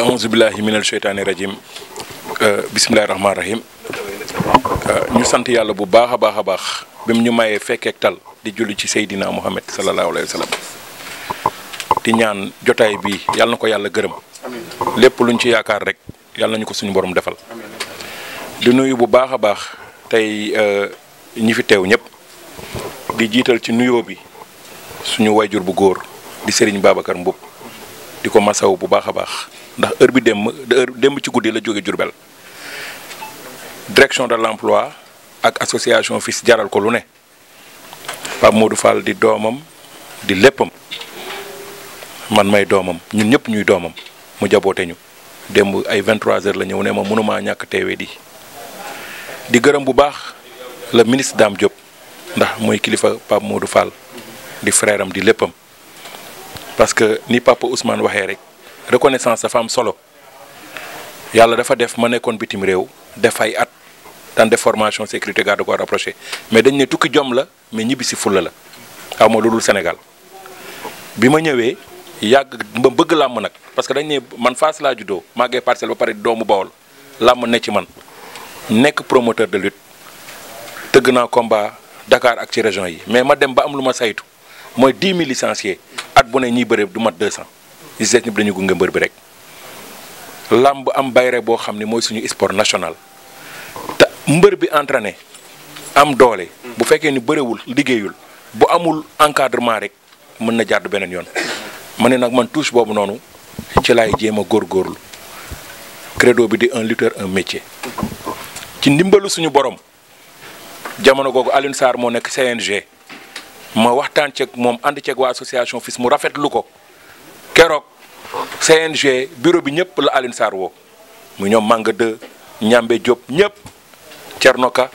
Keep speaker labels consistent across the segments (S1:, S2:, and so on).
S1: aouzu billahi minal sheytaani rajim euh, bisimilahi rahmaani rahim euh, ñu sant yàlla bu baax a baax a baax bi mu ñu mayee fekkeek tal di julli ci Seydina Muhammad sallallahu alayhi wa sallam di ñaan jotaay bi yàlla na ko yàlla gërëm lépp luñ ci yaakaar rek yàlla nañu ko suñu borom defal di nuyu bu baax a baax tey euh, ñi fi teew ñëpp di jiital ci nuyoo bi suñu wayjur bu góor di Serigne Babacar Mboup di ko masaw bu baax a baax ndax heure bi démb heure démb ci guddi la jóge Diourbel direction de l'emploi ak association FIS jaral ko lu ne Pape Modou Fall di doomam di léppam man may doomam ñun ñëpp ñuy doomam mu jaboote ñu démb ay 23 heures la ñëw ne ma mënumaa ñàkk teewee di di gërëm bu baax le ministre Dame Diop ndax mooy kilifa Pape Modou Fall di freeram am di léppam parce que ni papa Ousmane waxee rek. reconnaissance dafa am solo yàlla dafa def ma nekkoon bitim réew def ay at daan def formation sécurité garde corps rapproché mais dañu ne tukki jom la mais ñibbi si fulla la aw ma loolu Sénégal bi ma ñëwee yàgg ba bëgg làmm nag parce que dañ ne man Fass laa juddoo màggee parcelle ba pare doomu Bawol làmm ne ci man nekk promoteur de lute tëgg naa combat dakaar ak ci région yi mais ma dem ba am lu ma saytu mooy 10 000 licenciés at bu ne ñiy bëre du mat 200. ñi si des ñëpp dañu gunge mbër bi rek làmb am bayre boo xam ne mooy suñu sport national te mbër bi entraîné am doole. bu fekkee ni bëriwul liggéeyul bu amul encadrement rek mën na jàddu beneen yoon. ma ne nag man touche boobu noonu ci laay jéem a góorlu credo bi di un lutteur un métier ci ndimbalu suñu borom jamono googu Alioune Sarr moo nekk CNG ma waxtaan ceeg moom ànd ceg waa association FILS mu rafet lu ko keroog CNG bureau bi ñëpp la Alioune Sarr woo mu ñoom Manga 2 Ñambe Diop ñëpp cer Ka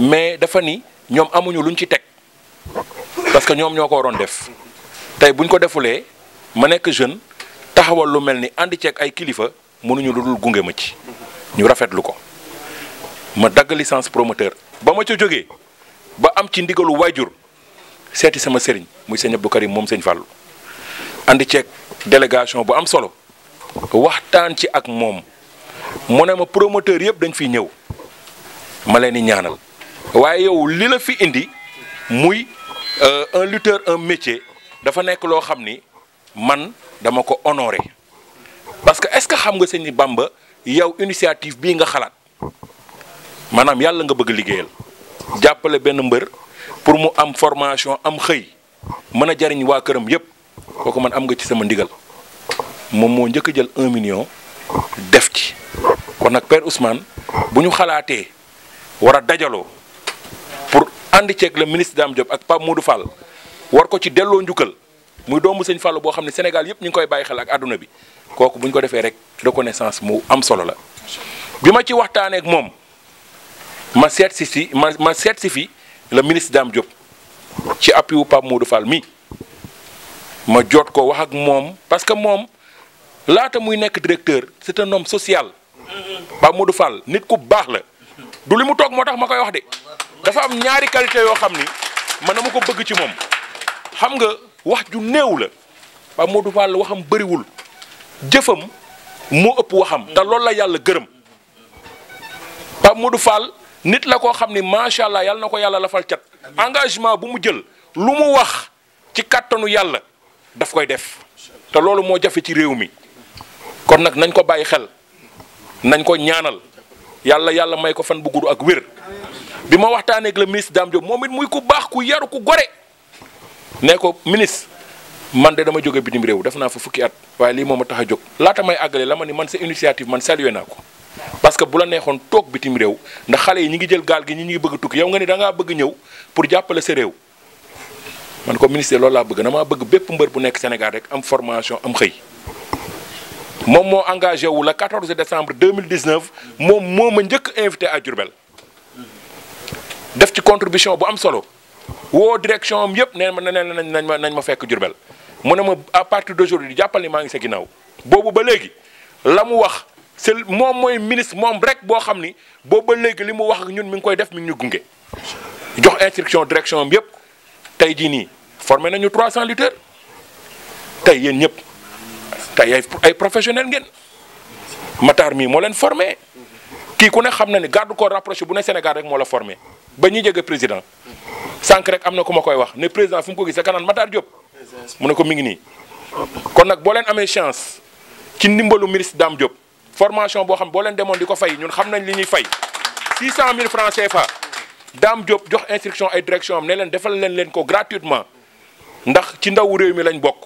S1: mais dafa ni ñoom amuñu luñ ci teg parce que ñoom ñoo ko waroon def tey buñ ko defulee ma nekk jeune taxawal lu mel ni àndi ceeg ay kilifa mënuñu lu dul gunge ma ci ñu rafetlu ko ma dagg licence promoteur ba ma ca jógee ba am ci ndigalu jur seeti sama sëriñ muy sëñ Abdou Karim moom sëñ Fallou àndi ceeg délégation bu am solo waxtaan ci ak moom mu ne ma promoteur yëpp dañ fi ñëw ma leen di ñaanal waaye yow li la fi indi muy euh, un lutteur un métier dafa nekk loo xam ni man dama ko honoré parce que est-ce que xam nga sëñ Bamba yow initiative bii nga xalaat maanaam yàlla nga bëgg liggéeyal jàppale benn mbër pour mu am formation am xëy mën a jariñ waa këram yëpp kooku man am nga ci sama ndigal moom moo njëkk a jël un million def ci kon nag Père Ousmane bu ñu xalaatee war a dajaloo pour ànd ceeg la ministre Dame Diop ak Pape Modou Fall war ko ci delloo njukkal muy doomu sëñ Fallou boo xam ne Sénégal yëpp ñu ngi koy bàyyi xel ak àdduna bi kooku bu ñu ko defee rek reconnaissance mu am solo la. bi ma ci waxtaaneek moom ma seet si si ma ma seet si fi le ministre Dame Diop ci appui wu Pape Modou Fall mi ma jot ko wax ak moom parce que moom laata muy nekk directeur c'est un sociale social Pape Modou Fall nit ku baax la du li mu toog moo tax ma koy wax de dafa am ñaari qualité yoo xam ni ma man dama ko bëgg ci moom xam nga wax ju néew la Pape Modou Fall waxam bëriwul jëfam moo ëpp waxam te loolu la yàlla gërëm Pape Modou Fall nit la koo xam ni macha allah yàlla na ko yàlla lafal cat engagement bu mu jël lu mu wax ci kàttanu yàlla daf koy def te loolu moo jafe ci réew mi kon nag nañ ko bàyyi xel nañ ko ñaanal yàlla yàlla may ko fan bu gudd ak wér bi ma waxtaanee ak le ministre Dame Diop moom it muy ku baax ku yaru ku gore nee ko ministre man de dama jóge bitim réew def naa fa fukki at waaye lii moom a tax a jóg laata may àggale la ma ni man sa initiative man salué naa ko parce que bu la neexoon toog bitim réew ndax xale yi ñi ngi jël gaal gi ñi ngi bëgg tukki yow nga ni da bëgg ñëw pour jàppale sa réew. man ko ministère loolu laa bëgg damaa bëgg bépp mbër bu nekk Sénégal rek am formation am xëy moom moo engagé wu la 14 décembre 2019 moom moo ma njëkk invité à Diourbel def ci contribution bu am solo woo direction am yëpp nee ma nee nañ ma nañ ma fekk Diourbel mu ne ma à partir d'aujourd'hui jàppal ni maa ngi sa ginnaaw boobu ba léegi la mu wax c'est moom mooy ministre moom rek boo xam ni boobu ba léegi li mu wax ak ñun mi ngi koy def mi ngi ñu gunge jox instruction direction am yëpp tey jii nii. formé nañu 300 lutteurs tey yéen ñëpp tey ay ay professionnels ngeen Matar mii moo leen formé kii ku ne xam na ne garde corps rapproché bu ne Sénégal rek moo la formé ba ñuy jege président sànq rek am na ku ma koy wax ne président fu mu ko gisee kanaan Matar Diop mu ne ko mi ngi nii. kon nag boo leen amee chance ci ndimbalu ministre Dame Diop formation boo xam boo leen demoon di ko fay ñun xam nañ li ñuy fay 600000 francs CFA Dame Diop jox instruction ay direction am ne leen defal leen leen ko gratuitement. ndax ci ndawu réew mi lañ bokk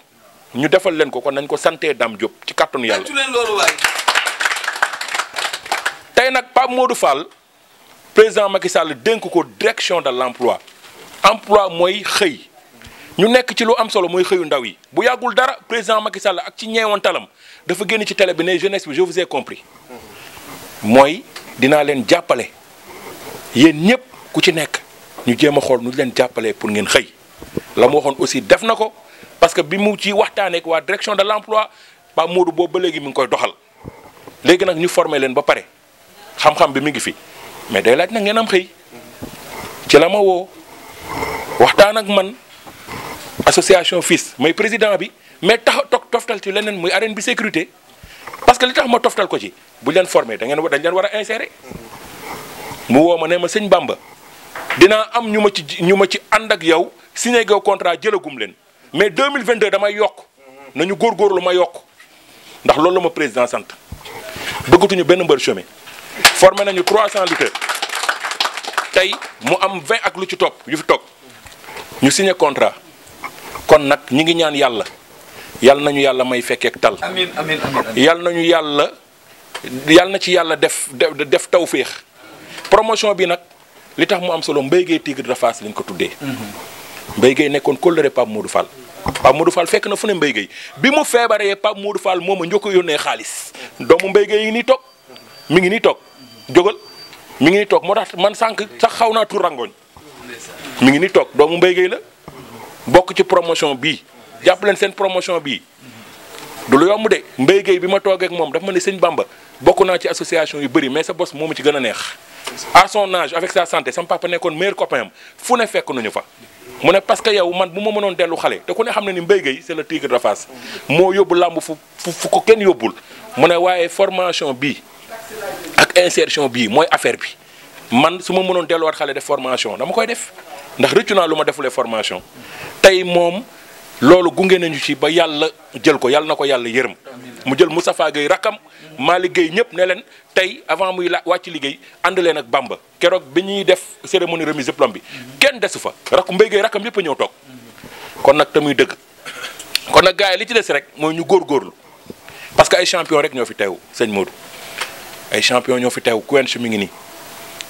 S1: ñu defal leen ko kon nañ ko santee Dame Diop ci kàttanu yàlla tey nag Pape Modou Fall président Macky Sall dénk ko direction de l'emploi emploi mooy xëy ñu nekk ci lu am solo mooy xëyu ndaw yi bu yàggul dara président Macky Sall ak ci ñeewantalam dafa génn ci télé bi ne jeunesse bi je vous ai compris mooy dinaa leen jàppale yéen ñëpp ku ci nekk ñu jéem a xool nu leen jàppalee pour ngeen xëy la mu waxoon aussi def na ko parce que bi mu ci waxtaaneek waa direction de l'emploi ba Modou boobu ba léegi mi ngi koy doxal léegi nag ñu formé leen ba pare xam-xam bi mi ngi fi mais day laaj na ngeen am xëy ci la ma woo waxtaan ak man association FILS mooy président bi mais tax toog toftal ci leneen muy arène bi sécurité parce que li tax ma toftal ko ci bu leen formé da ngeen dañ leen war a insérer mu woo ma ne ma sëñ Bamba dinaa am ñu ma ci ñu ma ci ànd ak yow signé go contrat jëlagum leen mais deux mille 2022 damay yokk nañu góor góorgóorlu ma yokk ndax loolu la ma président sant bëggatuñu benn mbër chômé formé nañu 300 lutteurs tey mu am 20 ak lu ci topp yu fi toog ñu signé contrat kon nag ñi ngi ñaan yàlla yàlla nañu yàlla may fekkeek tal amiin yàlla nañu yàlla yàlla na ci yàlla def def tawféex promotion bi nag li tax mu am solo mbéygee Tigre de Fass lañ ko tuddee mm-hmm. Mbaye Gueye nekkoon kóllëre Pape Modou Fall Pape Modou Fall fekk na fu ne Mbaye Gueye bi mu feebaree Pape Modou Fall moom a njëkk yónnee xaalis doomu Mbaye Gueye yi ngi nii toog mi ngi nii toog jógal mi ngi toog moo tax man sànq sax xaw naa tur rangoñ mi ngi nii toog doomu Mbaye Gueye bokk ci promotion bii jàpp leen seen promotion bii du lu yomb de Mbaye Gueye bi ma toogee ak moom dafa ma ne sëñ Bamba bokk naa ci association yu bëri mais sa bos moomu ci gën a neex à son avec sa santé sama papa nekkoon meilleur copain am fu ne fekk nañu fa mu ne parce que yow man bu ma mënoon dellu xale te ku ne xam ne ni Mbaye Gueye c'est le tigre de Fass moo yóbbu làmb fu fu ko kenn yóbbul mu ne waaye formation bii ak insertion bii mooy affaire bi man su ma mënoon delluwaat xale def formation dama koy def ndax rëccu naa lu ma defule formation tey moom loolu gunge nañu ci ba yàlla jël ko yàlla na ko yàlla yërëm mu jël Moustapha Gueye rakkam maa liggéey ñëpp ne leen tey avant muy la wàcc liggéey ànd leen ak bàmba keroog bi ñuy def cérémonie remise diplôme bi kenn desu fa rakku Mbaye Gueye rakkam yëpp a ñëw toog kon nag muy dëgg kon nag gars li ci des rek mooy ñu góorgóorlu parce que ay champion rek ñoo fi teew sëñ moodu ay champion ñoo fi teew Quench mi ngi nii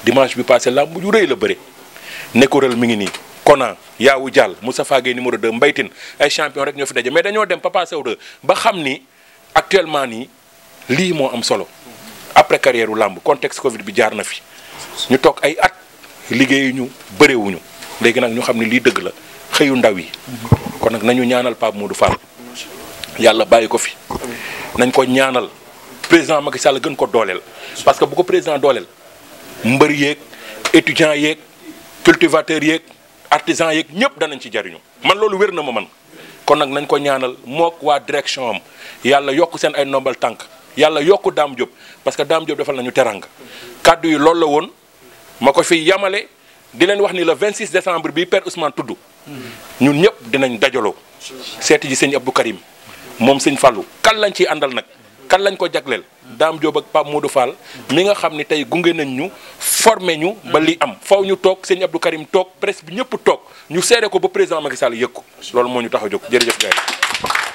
S1: dimanche bi passé làmb ju rëy la bëre Nékorél mi ngi nii Kona Yawou Dial Moustapha Gueye numéro 2 Mbaytin ay champion rek ñoo fi daje mais dañoo dem Papa Sow 2 ba xam ni actuellement nii lii moo am solo après carrière u làmb contexte Covid bi jaar na fi ñu toog ay at liggéeyuñu bëreewuñu léegi nag ñu xam ne lii dëgg la xëyu ndaw yi kon nag nañu ñaanal Pape Modou Fall yàlla bàyyi ko fi nañ ko ñaanal président Macky Sall gën ko dooleel parce que bu ko président dooleel mbër yeeg étudiant yéeg cultivateur yeeg artisan yeeg ñëpp danañ ci jariñu man loolu wér na ma man kon nag nañ ko ñaanal mook waa direction am yàlla yokk seen ay ndombal tànk yàlla yokk Dame Diop parce que Dame Diop defal nañu teranga kàddu yi loolu la woon ma ko fi yamale di leen wax ni le 26 décembre bi per Ousmane tudd ñun ñëpp dinañ dajaloo seeti ji sëñ Abdou Karim moom sëñ Fallou kan lañ ciy àndal nag kan lañ ko jagleel Dame Diop ak Pape Modou Fall mi nga xam ni tey gunge nañ ñu formé ñu ba li am faw ñu toog sëñ Abdou Karim toog presse bi ñëpp toog ñu seere ko ba président Macky Sall yëg ko loolu moo ñu tax a jóg jërëjëf gars yi